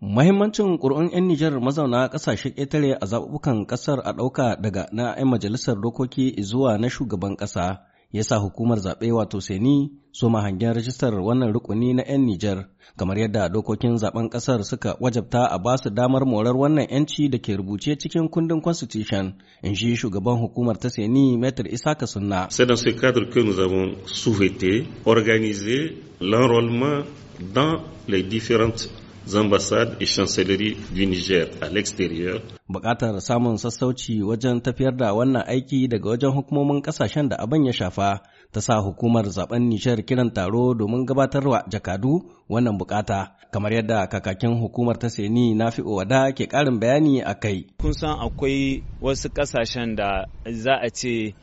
Mahimmancin ƙuri'un 'yan Nijar mazauna ƙasashen ƙetare a zaɓuɓɓukan ƙasar a ɗauka daga na 'yan majalisar dokoki zuwa na shugaban ƙasa ya sa hukumar zaɓe wato Seni ma hangen rajistar wannan rukuni na 'yan Nijar kamar yadda dokokin zaɓen ƙasar suka wajabta a ba su damar morar wannan 'yanci da ke rubuce cikin kundin constitution in shi shugaban hukumar ta Seni Metir Isaka Sunna. C'est dans ce cadre que nous avons souhaité organiser l'enrôlement dans les différentes Zambasad, et chancelleries du Niger à l'extérieur. Bukatar samun sassauci wajen tafiyar da wannan aiki daga wajen hukumomin kasashen da abin ya shafa ta sa hukumar zaben Nijar kiran taro domin gabatarwa jakadu wannan bukata kamar yadda kakakin hukumar ta seni Nafi'u Wada ke karin bayani a kai. Kun san akwai wasu kasashen da za a ce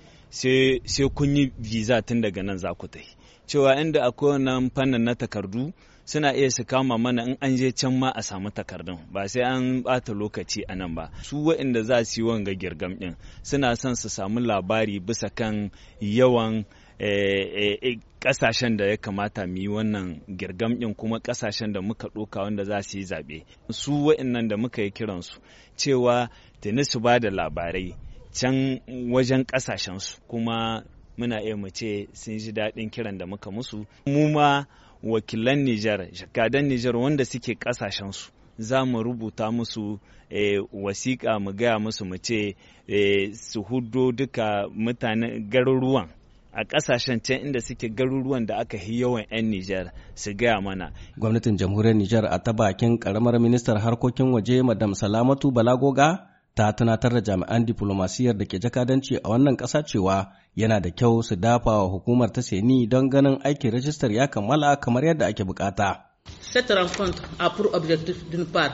sai kun yi visa tun daga nan za ku tafi. cewa inda akwai wannan fannin na takardu suna iya su kama mana in an je can ma a samu takardun ba sai an bata lokaci a nan ba su waɗanda za su yi wanga girgam ɗin suna son su samu labari bisa kan yawan eh, eh, eh, ƙasashen da ya kamata mu yi wannan girgam ɗin kuma ƙasashen da muka ɗoka wanda za su yi zaɓe su waɗannan da muka yi kiransu cewa tuni su ba da labarai can wajen ƙasashensu kuma muna iya mu ce sun ji daɗin kiran da muka musu mu ma wakilan Nijar jakadan Nijar wanda suke ƙasashensu za mu rubuta musu e, wasiƙa mu gaya musu mu ce e, su hudo duka mutanen garuruwan a ƙasashen can inda suke garuruwan da aka yi yawan 'yan Nijar su gaya mana. Gwamnatin jamhuriyar Nijar a ta bakin ƙaramar ministar harkokin waje Madam Salamatu Balagoga ta tunatar da jami'an diplomasiyar da ke jakadanci a wannan ƙasa cewa yana da kyau su dafa wa hukumar ta seni don ganin aikin rajistar ya kammala kamar yadda ake bukata. Cette rencontre a pour objectif d'une part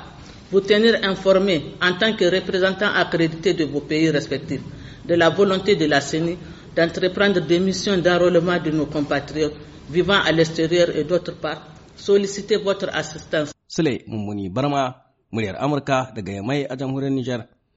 vous tenir informé en tant que représentant accrédité de vos pays respectifs de la volonté de la CENI d'entreprendre des missions d'enrôlement de nos compatriotes vivant à l'extérieur et d'autre part solliciter votre assistance. Sule Mummuni Barma, muryar Amurka daga Yamai a jamhuriyar Nijar.